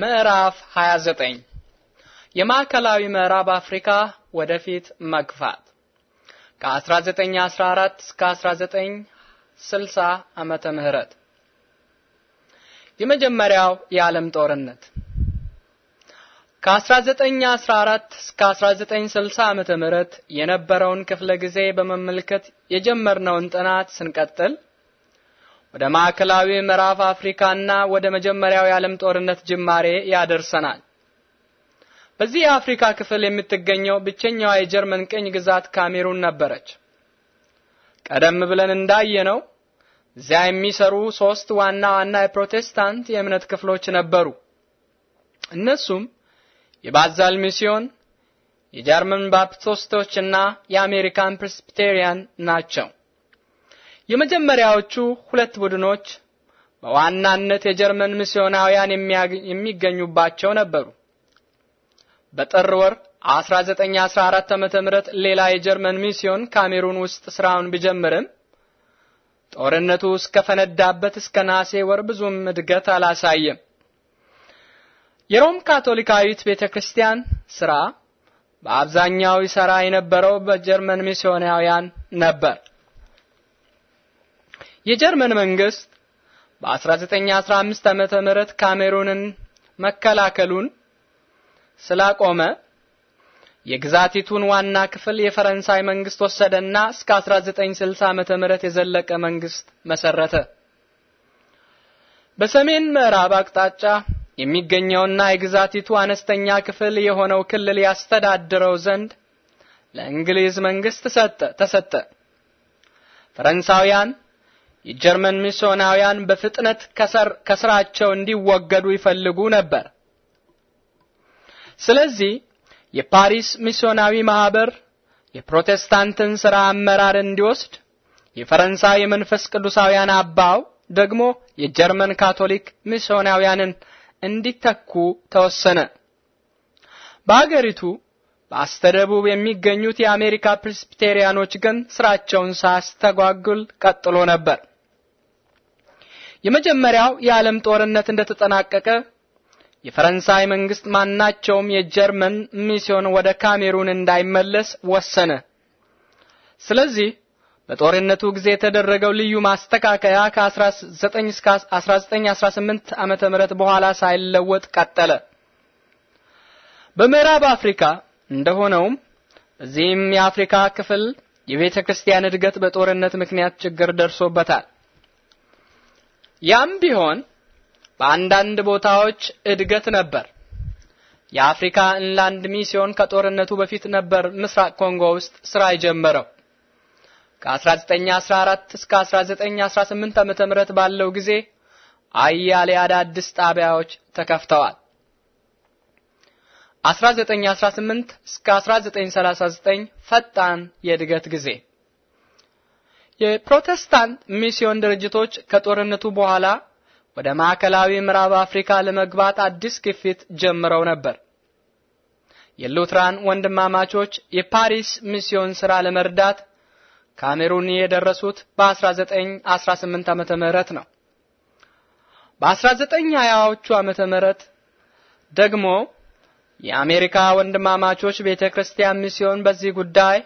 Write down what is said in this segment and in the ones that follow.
ምዕራፍ 29 የማዕከላዊ ምዕራብ አፍሪካ ወደፊት መግፋት ከ1914 እስከ 1960 ዓመተ ምህረት የመጀመሪያው የዓለም ጦርነት ከ1914 እስከ 1960 ዓመተ ምህረት የነበረውን ክፍለ ጊዜ በመመልከት የጀመርነውን ጥናት ስንቀጥል ወደ ማዕከላዊ ምዕራብ አፍሪካና ወደ መጀመሪያው የዓለም ጦርነት ጅማሬ ያደርሰናል። በዚህ የአፍሪካ ክፍል የምትገኘው ብቸኛዋ የጀርመን ቅኝ ግዛት ካሜሩን ነበረች። ቀደም ብለን እንዳየነው እዚያ የሚሰሩ ሶስት ዋና ዋና የፕሮቴስታንት የእምነት ክፍሎች ነበሩ። እነሱም የባዛል ሚስዮን፣ የጀርመን ባፕቶስቶች እና የአሜሪካን ፕሬስቢቴሪያን ናቸው። የመጀመሪያዎቹ ሁለት ቡድኖች በዋናነት የጀርመን ሚስዮናውያን የሚገኙባቸው ነበሩ። በጥር ወር 1914 ዓመተ ምህረት ሌላ የጀርመን ሚስዮን ካሜሩን ውስጥ ስራውን ቢጀምርም ጦርነቱ እስከፈነዳበት እስከ ነሐሴ ወር ብዙም እድገት አላሳየም። የሮም ካቶሊካዊት ቤተክርስቲያን ስራ በአብዛኛው ይሰራ የነበረው በጀርመን ሚስዮናውያን ነበር። የጀርመን መንግስት በ1915 ዓመተ ምህረት ካሜሩንን መከላከሉን ስላቆመ የግዛቲቱን ዋና ክፍል የፈረንሳይ መንግስት ወሰደና እስከ 1960 ዓመተ ምህረት የዘለቀ መንግስት መሰረተ። በሰሜን ምዕራብ አቅጣጫ የሚገኘውና የግዛቲቱ አነስተኛ ክፍል የሆነው ክልል ያስተዳድረው ዘንድ ለእንግሊዝ መንግስት ተሰጠ ተሰጠ። ፈረንሳውያን የጀርመን ሚስዮናውያን በፍጥነት ከስራቸው እንዲወገዱ ይፈልጉ ነበር። ስለዚህ የፓሪስ ሚስዮናዊ ማህበር የፕሮቴስታንትን ሥራ አመራር እንዲወስድ፣ የፈረንሳይ የመንፈስ ቅዱሳውያን አባው ደግሞ የጀርመን ካቶሊክ ሚስዮናውያንን እንዲተኩ ተወሰነ። በአገሪቱ በስተደቡብ የሚገኙት የአሜሪካ ፕሬስቢቴሪያኖች ግን ስራቸውን ሳስተጓጉል ቀጥሎ ነበር። የመጀመሪያው የዓለም ጦርነት እንደተጠናቀቀ የፈረንሳይ መንግስት ማናቸውም የጀርመን ሚስዮን ወደ ካሜሩን እንዳይመለስ ወሰነ። ስለዚህ በጦርነቱ ጊዜ የተደረገው ልዩ ማስተካከያ ከ19 እስከ 1918 ዓመተ ምህረት በኋላ ሳይለወጥ ቀጠለ። በምዕራብ አፍሪካ እንደሆነውም እዚህም የአፍሪካ ክፍል የቤተ ክርስቲያን እድገት በጦርነት ምክንያት ችግር ደርሶበታል። ያም ቢሆን በአንዳንድ ቦታዎች እድገት ነበር። የአፍሪካ ኢንላንድ ሚስዮን ከጦርነቱ በፊት ነበር ምስራቅ ኮንጎ ውስጥ ስራ የጀመረው። ከ1914 እስከ 1918 ዓመተ ምህረት ባለው ጊዜ አያሌ አዳዲስ ጣቢያዎች ተከፍተዋል። 1918 እስከ 1939 ፈጣን የእድገት ጊዜ የፕሮቴስታንት ሚስዮን ድርጅቶች ከጦርነቱ በኋላ ወደ ማዕከላዊ ምዕራብ አፍሪካ ለመግባት አዲስ ግፊት ጀምረው ነበር። የሉትራን ወንድማማቾች የፓሪስ ሚስዮን ሥራ ለመርዳት ካሜሩን የደረሱት በ1918 ዓመተ ምህረት ነው። በ1920ዎቹ ዓመተ ምህረት ደግሞ የአሜሪካ ወንድማማቾች ቤተክርስቲያን ሚስዮን በዚህ ጉዳይ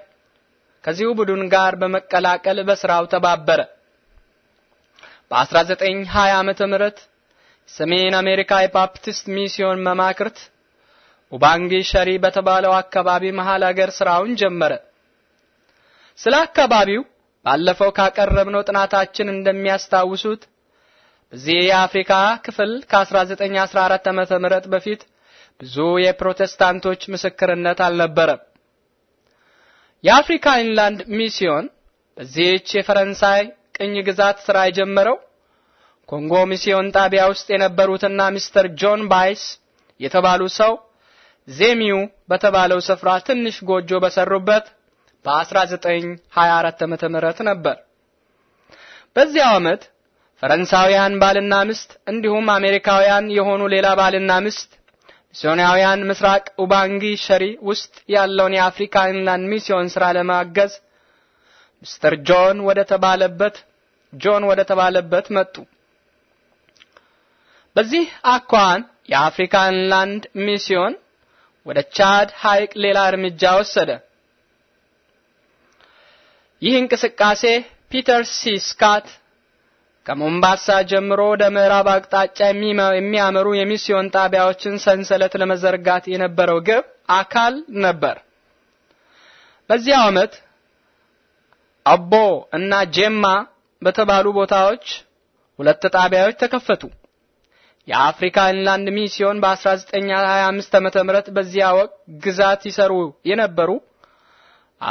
ከዚሁ ቡድን ጋር በመቀላቀል በስራው ተባበረ። በ1920 ዓመተ ምህረት ሰሜን አሜሪካ የባፕቲስት ሚስዮን መማክርት ኡባንጊ ሸሪ በተባለው አካባቢ መሃል አገር ስራውን ጀመረ። ስለ አካባቢው ባለፈው ካቀረብነው ጥናታችን እንደሚያስታውሱት በዚህ የአፍሪካ ክፍል ከ1914 ዓመተ ምህረት በፊት ብዙ የፕሮቴስታንቶች ምስክርነት አልነበረም። የአፍሪካ ኢንላንድ ሚስዮን በዚህች የፈረንሳይ ቅኝ ግዛት ስራ የጀመረው ኮንጎ ሚስዮን ጣቢያ ውስጥ የነበሩትና ሚስተር ጆን ባይስ የተባሉ ሰው ዜሚው በተባለው ስፍራ ትንሽ ጎጆ በሰሩበት በ1924 ዓመተ ምህረት ነበር። በዚያው ዓመት ፈረንሳውያን ባልና ምስት እንዲሁም አሜሪካውያን የሆኑ ሌላ ባልና ምስት ሚስዮናውያን ምስራቅ ኡባንጊ ሸሪ ውስጥ ያለውን የአፍሪካ ኢንላንድ ሚስዮን ስራ ለማገዝ ሚስተር ጆን ወደ ተባለበት ጆን ወደ ተባለበት መጡ። በዚህ አኳን የአፍሪካ ኢንላንድ ሚስዮን ወደ ቻድ ሐይቅ ሌላ እርምጃ ወሰደ። ይህ እንቅስቃሴ ፒተር ሲ ስካት ከሞምባሳ ጀምሮ ወደ ምዕራብ አቅጣጫ የሚያመሩ የሚስዮን ጣቢያዎችን ሰንሰለት ለመዘርጋት የነበረው ግብ አካል ነበር። በዚያው ዓመት አቦ እና ጄማ በተባሉ ቦታዎች ሁለት ጣቢያዎች ተከፈቱ። የአፍሪካ ኢንላንድ ሚስዮን በ1925 ዓመተ ምህረት በዚያ ወቅት ግዛት ይሰሩ የነበሩ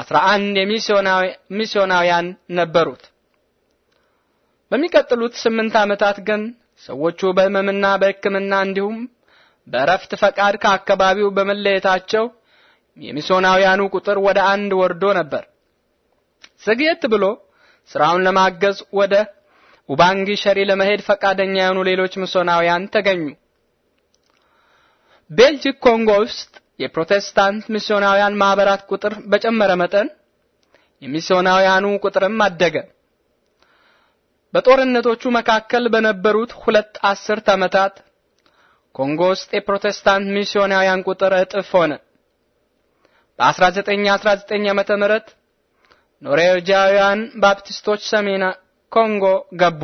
11 ሚስዮናውያን ነበሩት። በሚቀጥሉት ስምንት ዓመታት ግን ሰዎቹ በሕመምና በሕክምና እንዲሁም በእረፍት ፈቃድ ከአካባቢው በመለየታቸው የሚሶናውያኑ ቁጥር ወደ አንድ ወርዶ ነበር። ዘግየት ብሎ ስራውን ለማገዝ ወደ ኡባንጊ ሸሪ ለመሄድ ፈቃደኛ የሆኑ ሌሎች ሚስዮናውያን ተገኙ። ቤልጂክ ኮንጎ ውስጥ የፕሮቴስታንት ሚስዮናውያን ማህበራት ቁጥር በጨመረ መጠን የሚስዮናውያኑ ቁጥርም አደገ። በጦርነቶቹ መካከል በነበሩት ሁለት አስርት ዓመታት ኮንጎ ውስጥ የፕሮቴስታንት ሚስዮናውያን ቁጥር እጥፍ ሆነ። በ1919 ዓመተ ምህረት ኖርዌጃውያን ባፕቲስቶች ሰሜን ኮንጎ ገቡ።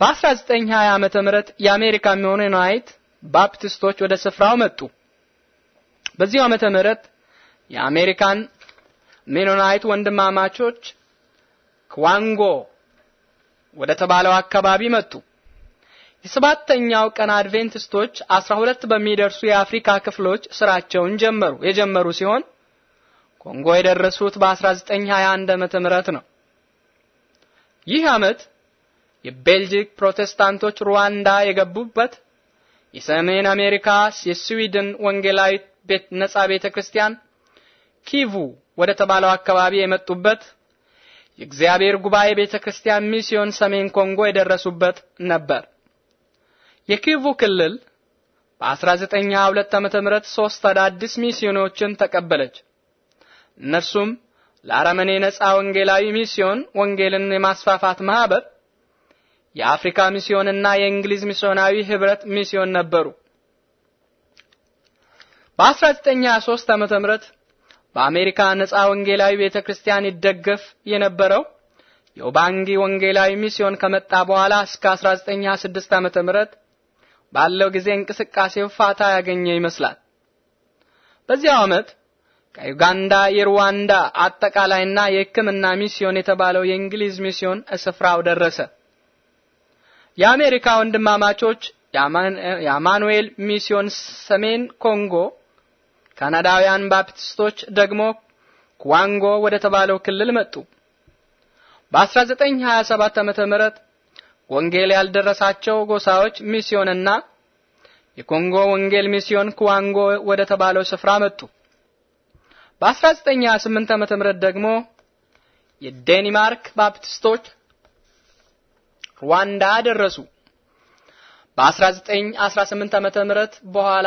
በ1920 ዓመተ ምህረት የአሜሪካ ሚዮናዊት ባፕቲስቶች ወደ ስፍራው መጡ። በዚሁ ዓመተ ምህረት የአሜሪካን ሜኖናይት ወንድማማቾች ክዋንጎ ወደ ተባለው አካባቢ መጡ። የሰባተኛው ቀን አድቬንቲስቶች 12 በሚደርሱ የአፍሪካ ክፍሎች ስራቸውን ጀመሩ የጀመሩ ሲሆን ኮንጎ የደረሱት በ1921 ዓመተ ምህረት ነው። ይህ ዓመት የቤልጂክ ፕሮቴስታንቶች ሩዋንዳ የገቡበት፣ የሰሜን አሜሪካ የስዊድን ወንጌላዊት ነጻ ቤተ ክርስቲያን ኪቩ ወደ ተባለው አካባቢ የመጡበት የእግዚአብሔር ጉባኤ ቤተክርስቲያን ሚስዮን ሰሜን ኮንጎ የደረሱበት ነበር። የኪቩ ክልል በ1922 ዓመተ ምህረት ሶስት አዳዲስ ሚስዮኖችን ተቀበለች። እነርሱም ለአረመኔ ነጻ ወንጌላዊ ሚስዮን ወንጌልን የማስፋፋት ማህበር፣ የአፍሪካ ሚስዮንና እና የእንግሊዝ ሚስዮናዊ ህብረት ሚስዮን ነበሩ። በ1923 ዓመተ ምህረት በአሜሪካ ነጻ ወንጌላዊ ቤተክርስቲያን ይደገፍ የነበረው የኦባንጊ ወንጌላዊ ሚስዮን ከመጣ በኋላ እስከ 1926 ዓመተ ምህረት ባለው ጊዜ እንቅስቃሴው ፋታ ያገኘ ይመስላል። በዚያው ዓመት ከዩጋንዳ የሩዋንዳ አጠቃላይና የሕክምና ሚስዮን የተባለው የእንግሊዝ ሚስዮን ስፍራው ደረሰ። የአሜሪካ ወንድማማቾች የአማኑኤል ሚስዮን ሰሜን ኮንጎ ካናዳውያን ባፕቲስቶች ደግሞ ኳንጎ ወደ ተባለው ክልል መጡ። በ1927 ዓመተ ምህረት ወንጌል ያልደረሳቸው ጎሳዎች ሚስዮንና የኮንጎ ወንጌል ሚስዮን ኩዋንጎ ወደ ተባለው ስፍራ መጡ። በ1928 ዓመተ ምህረት ደግሞ የዴንማርክ ባፕቲስቶች ሩዋንዳ ደረሱ። በ1918 ዓመተ ምህረት በኋላ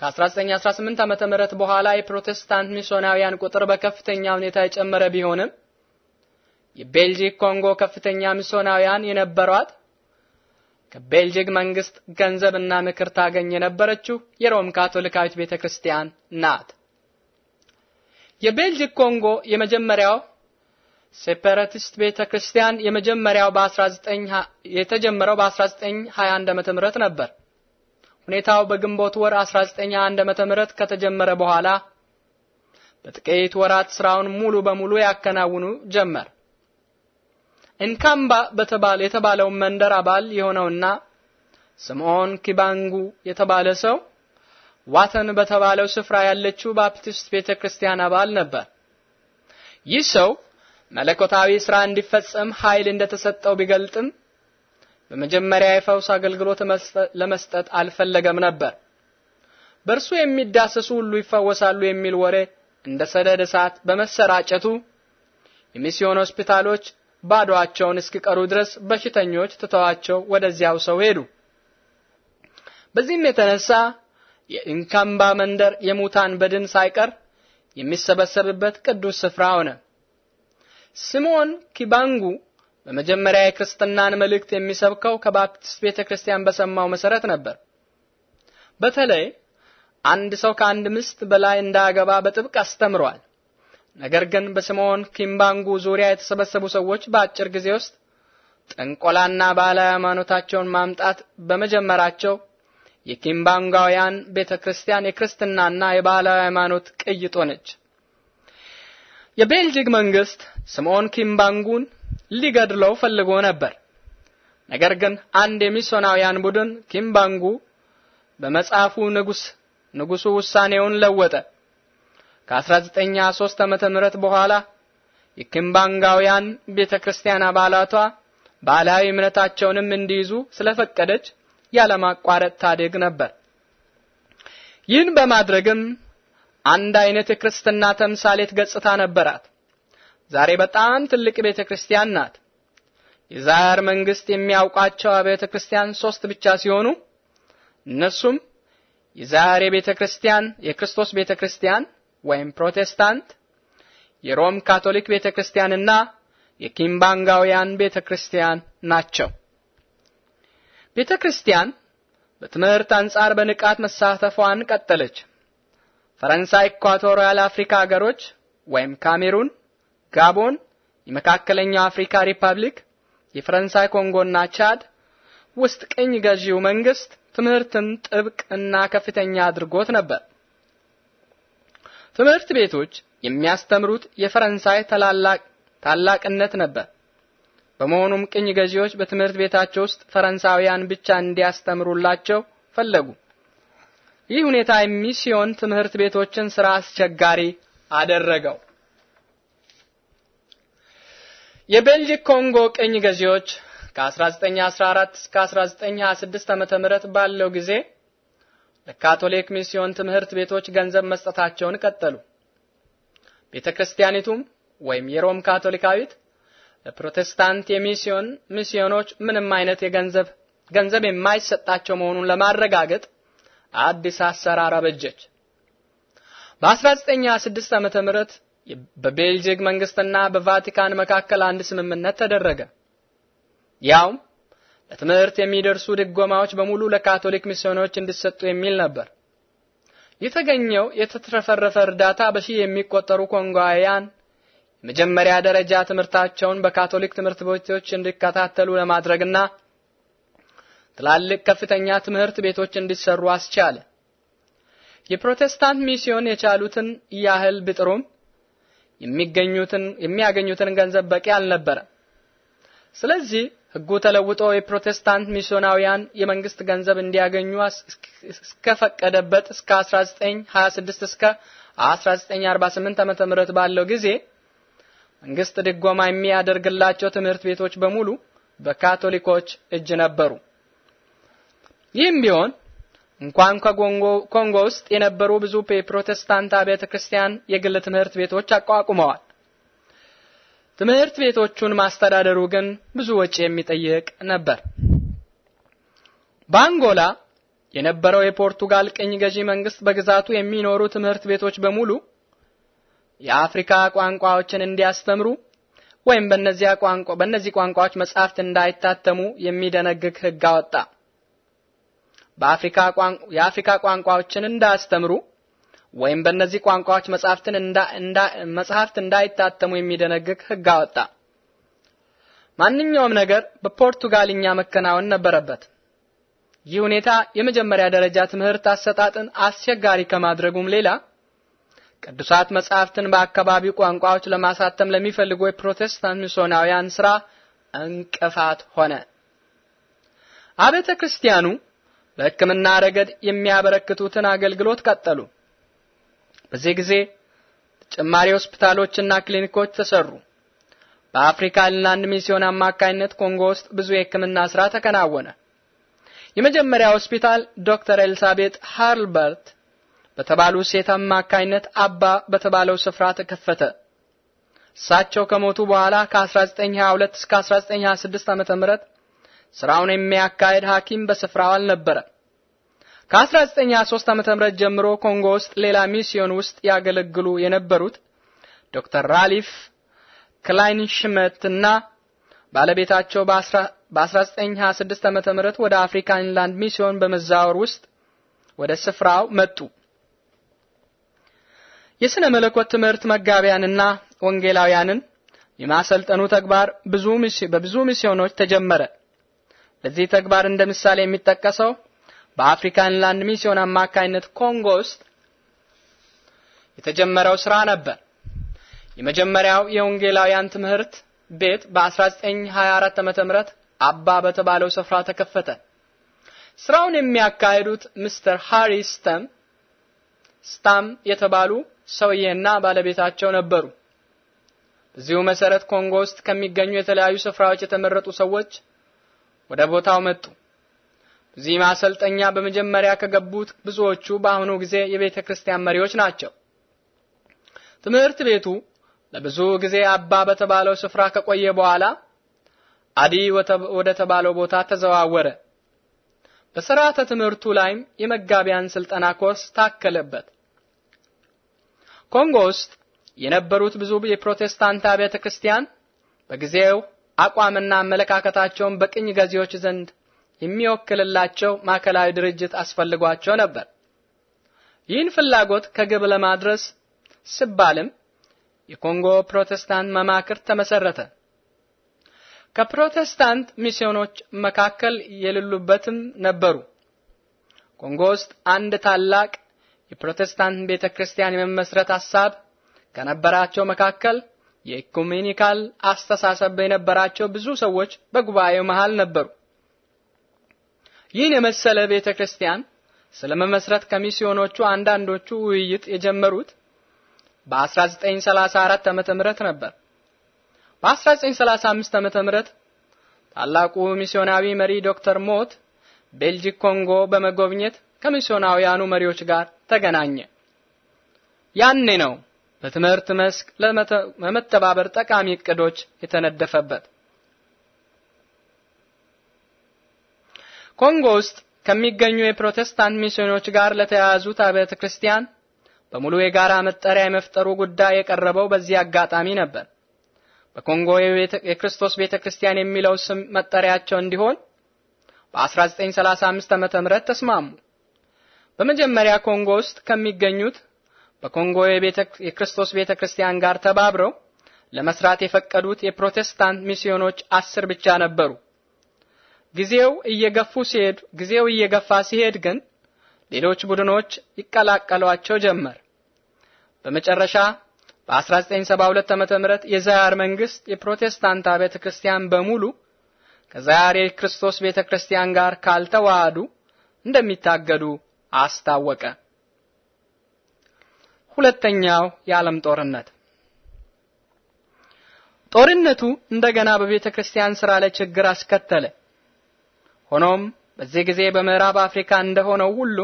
ከ1918 ዓመተ ምህረት በኋላ የፕሮቴስታንት ሚስዮናውያን ቁጥር በከፍተኛ ሁኔታ የጨመረ ቢሆንም የቤልጂክ ኮንጎ ከፍተኛ ሚስዮናውያን የነበሯት ከቤልጂክ መንግስት ገንዘብና ምክር ታገኝ የነበረችው የሮም ካቶሊካዊት ቤተክርስቲያን ናት። የቤልጂክ ኮንጎ የመጀመሪያው ሴፐራቲስት ቤተክርስቲያን የመጀመሪያው በ19 የተጀመረው በ1921 ዓ.ም ነበር። ሁኔታው በግንቦት ወር 19 ዓም ምህረት ከተጀመረ በኋላ በጥቂት ወራት ስራውን ሙሉ በሙሉ ያከናውኑ ጀመር። እንካምባ በተባለ የተባለው መንደር አባል የሆነውና ስምዖን ኪባንጉ የተባለ ሰው ዋተን በተባለው ስፍራ ያለችው ባፕቲስት ቤተክርስቲያን አባል ነበር። ይህ ሰው መለኮታዊ ስራ እንዲፈጸም ኃይል እንደተሰጠው ቢገልጥም በመጀመሪያ የፈውስ አገልግሎት ለመስጠት አልፈለገም ነበር። በእርሱ የሚዳሰሱ ሁሉ ይፈወሳሉ የሚል ወሬ እንደ ሰደድ እሳት በመሰራጨቱ የሚስዮን ሆስፒታሎች ባዶአቸውን እስኪቀሩ ድረስ በሽተኞች ትተዋቸው ወደዚያው ሰው ሄዱ። በዚህም የተነሳ የኢንካምባ መንደር የሙታን በድን ሳይቀር የሚሰበሰብበት ቅዱስ ስፍራ ሆነ። ስምዖን ኪባንጉ በመጀመሪያ የክርስትናን መልእክት የሚሰብከው ከባፕቲስት ቤተክርስቲያን በሰማው መሰረት ነበር። በተለይ አንድ ሰው ከአንድ ሚስት በላይ እንዳገባ በጥብቅ አስተምሯል። ነገር ግን በስምዖን ኪምባንጉ ዙሪያ የተሰበሰቡ ሰዎች በአጭር ጊዜ ውስጥ ጥንቆላና ባህላዊ ሃይማኖታቸውን ማምጣት በመጀመራቸው የኪምባንጋውያን ቤተክርስቲያን የክርስትናና የባህላዊ ሃይማኖት ቅይጦ ነች። የቤልጂክ መንግስት ስምዖን ኪምባንጉን ሊገድለው ፈልጎ ነበር። ነገር ግን አንድ የሚሶናውያን ቡድን ኪምባንጉ በመጽሐፉ ንጉስ ንጉሱ ውሳኔውን ለወጠ። 193 ዓመተ ምህረት በኋላ የኪምባንጋውያን ቤተክርስቲያን አባላቷ ባህላዊ እምነታቸውንም እንዲይዙ ስለፈቀደች ያለማቋረጥ ታድግ ነበር። ይህን በማድረግም አንድ አይነት የክርስትና ተምሳሌት ገጽታ ነበራት። ዛሬ በጣም ትልቅ ቤተ ክርስቲያን ናት። የዛር መንግስት የሚያውቃቸው ቤተ ክርስቲያን ሶስት ብቻ ሲሆኑ እነሱም የዛሬ ቤተ ክርስቲያን የክርስቶስ ቤተ ክርስቲያን ወይም ፕሮቴስታንት፣ የሮም ካቶሊክ ቤተ ክርስቲያንና የኪምባንጋውያን ቤተ ክርስቲያን ናቸው። ቤተ ክርስቲያን በትምህርት አንጻር በንቃት መሳተፏን ቀጠለች። ፈረንሳይ ኢኳቶሪያል አፍሪካ ሀገሮች ወይም ካሜሩን ጋቦን፣ የመካከለኛው አፍሪካ ሪፐብሊክ፣ የፈረንሳይ ኮንጎና ቻድ ውስጥ ቅኝ ገዢው መንግስት ትምህርትን ጥብቅ እና ከፍተኛ አድርጎት ነበር። ትምህርት ቤቶች የሚያስተምሩት የፈረንሳይ ታላቅነት ነበር። በመሆኑም ቅኝ ገዢዎች በትምህርት ቤታቸው ውስጥ ፈረንሳውያን ብቻ እንዲያስተምሩላቸው ፈለጉ። ይህ ሁኔታ የሚስዮን ትምህርት ቤቶችን ስራ አስቸጋሪ አደረገው። የቤልጂክ ኮንጎ ቅኝ ገዢዎች ከ1914 እስከ 1926 ዓመተ ምህረት ባለው ጊዜ ለካቶሊክ ሚስዮን ትምህርት ቤቶች ገንዘብ መስጠታቸውን ቀጠሉ። ቤተ ክርስቲያኒቱም ወይም የሮም ካቶሊካዊት ለፕሮቴስታንት የሚስዮን ሚስዮኖች ምንም አይነት የገንዘብ ገንዘብ የማይሰጣቸው መሆኑን ለማረጋገጥ አዲስ አሰራር አበጀች። በ1926 ዓመተ ምህረት በቤልጅግ መንግስትና በቫቲካን መካከል አንድ ስምምነት ተደረገ። ያውም ለትምህርት የሚደርሱ ድጎማዎች በሙሉ ለካቶሊክ ሚስዮኖች እንዲሰጡ የሚል ነበር። የተገኘው የተትረፈረፈ እርዳታ በሺ የሚቆጠሩ ኮንጓውያን የመጀመሪያ ደረጃ ትምህርታቸውን በካቶሊክ ትምህርት ቤቶች እንዲከታተሉ ለማድረግና ትላልቅ ከፍተኛ ትምህርት ቤቶች እንዲሰሩ አስቻለ። የፕሮቴስታንት ሚስዮን የቻሉትን ያህል ቢጥሩም የሚገኙትን የሚያገኙትን ገንዘብ በቂ አልነበረም። ስለዚህ ሕጉ ተለውጦ የፕሮቴስታንት ሚስዮናውያን የመንግስት ገንዘብ እንዲያገኙ እስከፈቀደበት እስከ 1926 እስከ 1948 ዓመተ ምህረት ባለው ጊዜ መንግስት ድጎማ የሚያደርግላቸው ትምህርት ቤቶች በሙሉ በካቶሊኮች እጅ ነበሩ። ይህም ቢሆን እንኳን ከኮንጎ ውስጥ የነበሩ ብዙ የፕሮቴስታንት አብያተ ክርስቲያን የግል ትምህርት ቤቶች አቋቁመዋል። ትምህርት ቤቶቹን ማስተዳደሩ ግን ብዙ ወጪ የሚጠይቅ ነበር። በአንጎላ የነበረው የፖርቱጋል ቅኝ ገዢ መንግስት በግዛቱ የሚኖሩ ትምህርት ቤቶች በሙሉ የአፍሪካ ቋንቋዎችን እንዲያስተምሩ ወይም በእነዚህ ቋንቋዎች መጻሕፍት እንዳይታተሙ የሚደነግግ ሕግ አወጣ። በአፍሪካ የአፍሪካ ቋንቋዎችን እንዳያስተምሩ ወይም በእነዚህ ቋንቋዎች መጽሐፍት እንዳይታተሙ የሚደነግግ ሕግ አወጣ። ማንኛውም ነገር በፖርቱጋልኛ መከናወን ነበረበት። ይህ ሁኔታ የመጀመሪያ ደረጃ ትምህርት አሰጣጥን አስቸጋሪ ከማድረጉም ሌላ ቅዱሳት መጽሐፍትን በአካባቢው ቋንቋዎች ለማሳተም ለሚፈልጉ የፕሮቴስታንት ሚስዮናውያን ስራ እንቅፋት ሆነ። አቤተ ክርስቲያኑ በሕክምና ረገድ የሚያበረክቱትን አገልግሎት ቀጠሉ። በዚህ ጊዜ ተጨማሪ ሆስፒታሎችና ክሊኒኮች ተሰሩ። በአፍሪካ ላንድ ሚስዮን አማካኝነት ኮንጎ ውስጥ ብዙ የሕክምና ስራ ተከናወነ። የመጀመሪያ ሆስፒታል ዶክተር ኤልሳቤት ሃርልበርት በተባሉ ሴት አማካኝነት አባ በተባለው ስፍራ ተከፈተ። እሳቸው ከሞቱ በኋላ ከ1922 እስከ 1926 ዓ.ም ስራውን የሚያካሄድ ሐኪም በስፍራው አልነበረ። ከ1923 ዓ.ም ጀምሮ ኮንጎ ውስጥ ሌላ ሚስዮን ውስጥ ያገለግሉ የነበሩት ዶክተር ራሊፍ ክላይንሽመትና ባለቤታቸው በ1926 ዓ.ም ወደ አፍሪካ ኢንላንድ ሚስዮን በመዛወር ውስጥ ወደ ስፍራው መጡ። የሥነ መለኮት ትምህርት መጋቢያንና ወንጌላውያንን የማሰልጠኑ ተግባር ብዙ በብዙ ሚስዮኖች ተጀመረ። ለዚህ ተግባር እንደ ምሳሌ የሚጠቀሰው በአፍሪካን ላንድ ሚስዮን አማካይነት ኮንጎ ውስጥ የተጀመረው ስራ ነበር። የመጀመሪያው የወንጌላውያን ትምህርት ቤት በ1924 ዓ.ም ምህረት አባ በተባለው ስፍራ ተከፈተ። ስራውን የሚያካሂዱት ሚስተር ሃሪስ ስታም ስታም የተባሉ ሰውዬና ባለቤታቸው ነበሩ። በዚሁ መሰረት ኮንጎ ውስጥ ከሚገኙ የተለያዩ ስፍራዎች የተመረጡ ሰዎች ወደ ቦታው መጡ። እዚህ ማሰልጠኛ በመጀመሪያ ከገቡት ብዙዎቹ በአሁኑ ጊዜ የቤተ ክርስቲያን መሪዎች ናቸው። ትምህርት ቤቱ ለብዙ ጊዜ አባ በተባለው ስፍራ ከቆየ በኋላ አዲ ወደ ተባለው ቦታ ተዘዋወረ። በስርዓተ ትምህርቱ ላይም የመጋቢያን ስልጠና ኮርስ ታከለበት። ኮንጎ ውስጥ የነበሩት ብዙ የፕሮቴስታንት አብያተ ክርስቲያን በጊዜው አቋምና አመለካከታቸውን በቅኝ ገዢዎች ዘንድ የሚወክልላቸው ማዕከላዊ ድርጅት አስፈልጓቸው ነበር። ይህን ፍላጎት ከግብ ለማድረስ ስባልም የኮንጎ ፕሮቴስታንት መማክርት ተመሰረተ። ከፕሮቴስታንት ሚስዮኖች መካከል የሌሉበትም ነበሩ። ኮንጎ ውስጥ አንድ ታላቅ የፕሮቴስታንት ቤተክርስቲያን የመመስረት ሐሳብ ከነበራቸው መካከል የኢኩሜኒካል አስተሳሰብ በነበራቸው ብዙ ሰዎች በጉባኤው መሃል ነበሩ። ይህን የመሰለ ቤተ ክርስቲያን ስለመመስረት ከሚስዮኖቹ አንዳንዶቹ ውይይት የጀመሩት በ1934 ዓመተ ምህረት ነበር። በ1935 ዓመተ ምህረት ታላቁ ሚስዮናዊ መሪ ዶክተር ሞት ቤልጂክ ኮንጎ በመጎብኘት ከሚስዮናውያኑ መሪዎች ጋር ተገናኘ። ያኔ ነው በትምህርት መስክ ለመተባበር ጠቃሚ እቅዶች የተነደፈበት ኮንጎ ውስጥ ከሚገኙ የፕሮቴስታንት ሚስዮኖች ጋር ለተያያዙት አብያተ ክርስቲያን በሙሉ የጋራ መጠሪያ የመፍጠሩ ጉዳይ የቀረበው በዚህ አጋጣሚ ነበር። በኮንጎ የክርስቶስ ቤተ ክርስቲያን የሚለው ስም መጠሪያቸው እንዲሆን በ1935 ዓ.ም ተስማሙ። በመጀመሪያ ኮንጎ ውስጥ ከሚገኙት በኮንጎ የክርስቶስ ቤተ ክርስቲያን ጋር ተባብረው ለመስራት የፈቀዱት የፕሮቴስታንት ሚስዮኖች አስር ብቻ ነበሩ። ጊዜው እየገፉ ሲሄድ ጊዜው እየገፋ ሲሄድ ግን ሌሎች ቡድኖች ይቀላቀሏቸው ጀመር። በመጨረሻ በ1972 ዓመተ ምህረት የዛያር መንግስት የፕሮቴስታንት አብያተ ክርስቲያን በሙሉ ከዛያር የክርስቶስ ቤተ ክርስቲያን ጋር ካልተዋሃዱ እንደሚታገዱ አስታወቀ። ሁለተኛው የዓለም ጦርነት ጦርነቱ እንደገና በቤተ ክርስቲያን ስራ ላይ ችግር አስከተለ። ሆኖም በዚህ ጊዜ በምዕራብ አፍሪካ እንደሆነው ሁሉ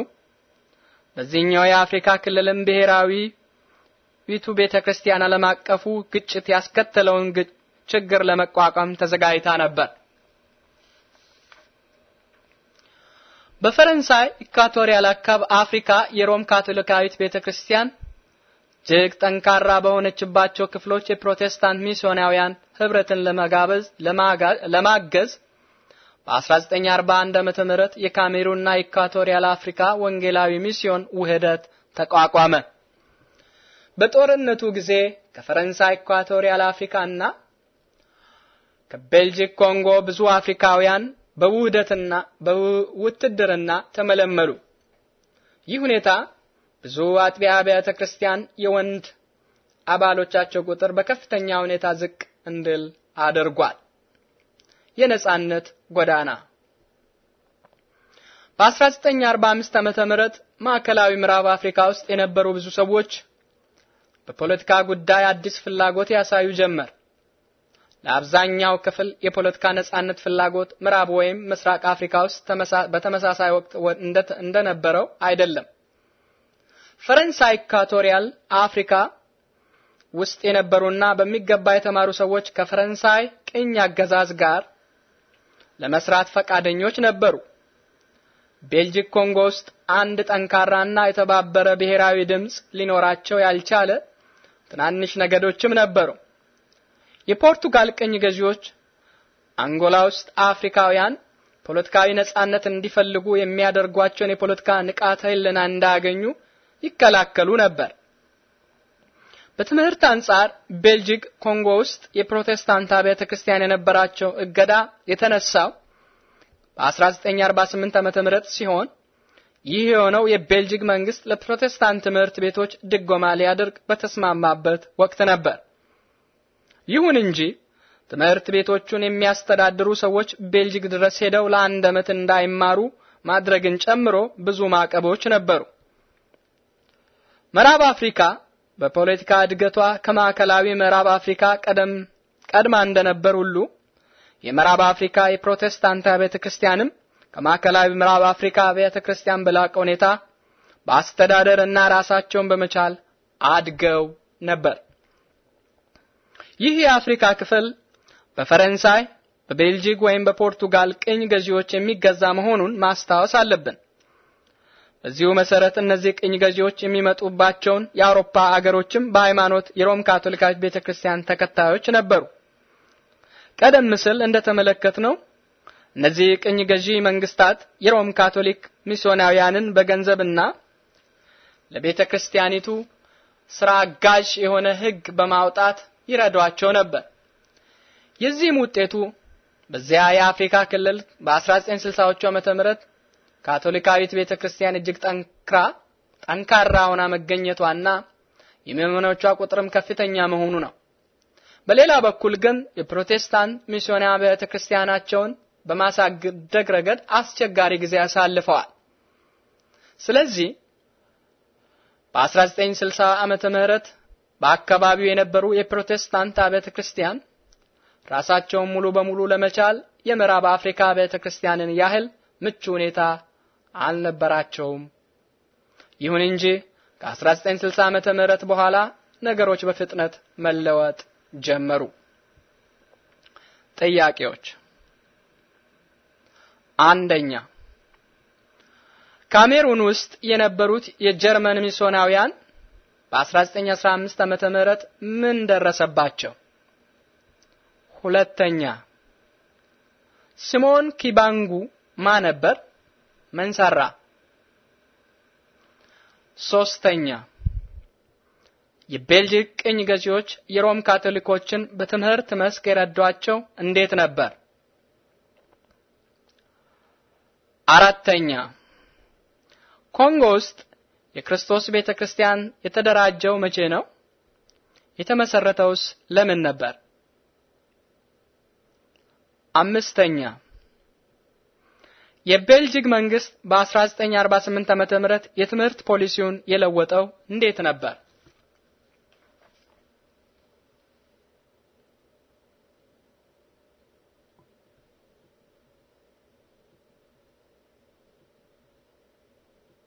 በዚህኛው የአፍሪካ ክልልም ብሔራዊ ዊቱ ቤተ ክርስቲያን ዓለም አቀፉ ግጭት ያስከተለውን ችግር ለመቋቋም ተዘጋጅታ ነበር። በፈረንሳይ ኢኳቶሪያል አካባቢ አፍሪካ የሮም ካቶሊካዊት ቤተ ክርስቲያን እጅግ ጠንካራ በሆነችባቸው ክፍሎች የፕሮቴስታንት ሚስዮናውያን ህብረትን ለመጋበዝ ለማገዝ በ1941 ዓመተ ምህረት የካሜሩንና ኢኳቶሪያል አፍሪካ ወንጌላዊ ሚስዮን ውህደት ተቋቋመ። በጦርነቱ ጊዜ ከፈረንሳይ ኢኳቶሪያል አፍሪካና ከቤልጂክ ኮንጎ ብዙ አፍሪካውያን በውህደትና በውትድርና ተመለመሉ። ይህ ሁኔታ ብዙ አጥቢያ አብያተ ክርስቲያን የወንድ አባሎቻቸው ቁጥር በከፍተኛ ሁኔታ ዝቅ እንድል አድርጓል። የነጻነት ጎዳና በ1945 ዓመተ ምህረት ማዕከላዊ ምዕራብ አፍሪካ ውስጥ የነበሩ ብዙ ሰዎች በፖለቲካ ጉዳይ አዲስ ፍላጎት ያሳዩ ጀመር። ለአብዛኛው ክፍል የፖለቲካ ነጻነት ፍላጎት ምዕራብ ወይም ምስራቅ አፍሪካ ውስጥ በተመሳሳይ ወቅት እንደነበረው አይደለም። ፈረንሳይ ኢኳቶሪያል አፍሪካ ውስጥ የነበሩና በሚገባ የተማሩ ሰዎች ከፈረንሳይ ቅኝ አገዛዝ ጋር ለመስራት ፈቃደኞች ነበሩ። ቤልጂክ ኮንጎ ውስጥ አንድ ጠንካራና የተባበረ ብሔራዊ ድምጽ ሊኖራቸው ያልቻለ ትናንሽ ነገዶችም ነበሩ። የፖርቱጋል ቅኝ ገዢዎች አንጎላ ውስጥ አፍሪካውያን ፖለቲካዊ ነጻነት እንዲፈልጉ የሚያደርጓቸውን የፖለቲካ ንቃተ ህልና እንዳያገኙ ይከላከሉ ነበር። በትምህርት አንጻር ቤልጂክ ኮንጎ ውስጥ የፕሮቴስታንት አብያተ ክርስቲያን የነበራቸው እገዳ የተነሳው በ1948 ዓመተ ምህረት ሲሆን ይህ የሆነው የቤልጂክ መንግስት ለፕሮቴስታንት ትምህርት ቤቶች ድጎማ ሊያደርግ በተስማማበት ወቅት ነበር። ይሁን እንጂ ትምህርት ቤቶቹን የሚያስተዳድሩ ሰዎች ቤልጂክ ድረስ ሄደው ለአንድ ዓመት እንዳይማሩ ማድረግን ጨምሮ ብዙ ማዕቀቦች ነበሩ። ምዕራብ አፍሪካ በፖለቲካ እድገቷ ከማዕከላዊ ምዕራብ አፍሪካ ቀደም ቀድማ እንደነበር ሁሉ የምዕራብ አፍሪካ የፕሮቴስታንት ቤተ ክርስቲያንም ከማዕከላዊ ምዕራብ አፍሪካ ቤተ ክርስቲያን በላቀ ሁኔታ በአስተዳደር እና ራሳቸውን በመቻል አድገው ነበር። ይህ የአፍሪካ ክፍል በፈረንሳይ፣ በቤልጂክ ወይም በፖርቱጋል ቅኝ ገዢዎች የሚገዛ መሆኑን ማስታወስ አለብን። በዚሁ መሰረት እነዚህ ቅኝ ገዢዎች የሚመጡባቸውን የአውሮፓ አገሮችም በሃይማኖት የሮም ካቶሊካዊት ቤተክርስቲያን ተከታዮች ነበሩ። ቀደም ሲል ነው እነዚህ ቅኝ ገዢ መንግስታት የሮም ካቶሊክ ሚስዮናውያንን በገንዘብና ለቤተ ክርስቲያኒቱ ስራ አጋዥ የሆነ ሕግ በማውጣት ይረዷቸው ነበር። የዚህም ውጤቱ በዚያ የአፍሪካ ክልል በ1960ዎቹ ዓመተ ምህረት ካቶሊካዊት ቤተ ክርስቲያን እጅግ ጠንክራ ጠንካራ ሆና መገኘቷና የምዕመኖቿ ቁጥርም ከፍተኛ መሆኑ ነው። በሌላ በኩል ግን የፕሮቴስታንት ሚስዮና ቤተ ክርስቲያናቸውን በማሳደግ ረገድ አስቸጋሪ ጊዜ አሳልፈዋል። ስለዚህ በ1960 ዓመተ ምህረት በአካባቢው የነበሩ የፕሮቴስታንት አብያተ ክርስቲያን ራሳቸውን ሙሉ በሙሉ ለመቻል የምዕራብ አፍሪካ ቤተ ክርስቲያንን ያህል ምቹ ሁኔታ አልነበራቸውም። ይሁን እንጂ ከ1960 ዓመተ ምህረት በኋላ ነገሮች በፍጥነት መለወጥ ጀመሩ። ጥያቄዎች፣ አንደኛ ካሜሩን ውስጥ የነበሩት የጀርመን ሚስዮናውያን በ1915 ዓመተ ምህረት ምን ደረሰባቸው? ሁለተኛ ሲሞን ኪባንጉ ማን ነበር? ምን ሰራ? ሶስተኛ የቤልጂክ ቅኝ ገዢዎች የሮም ካቶሊኮችን በትምህርት መስክ የረዷቸው እንዴት ነበር? አራተኛ ኮንጎ ውስጥ የክርስቶስ ቤተክርስቲያን የተደራጀው መቼ ነው? የተመሰረተውስ ለምን ነበር? አምስተኛ የቤልጂክ መንግስት በ1948 ዓ.ም የትምህርት ፖሊሲውን የለወጠው እንዴት ነበር?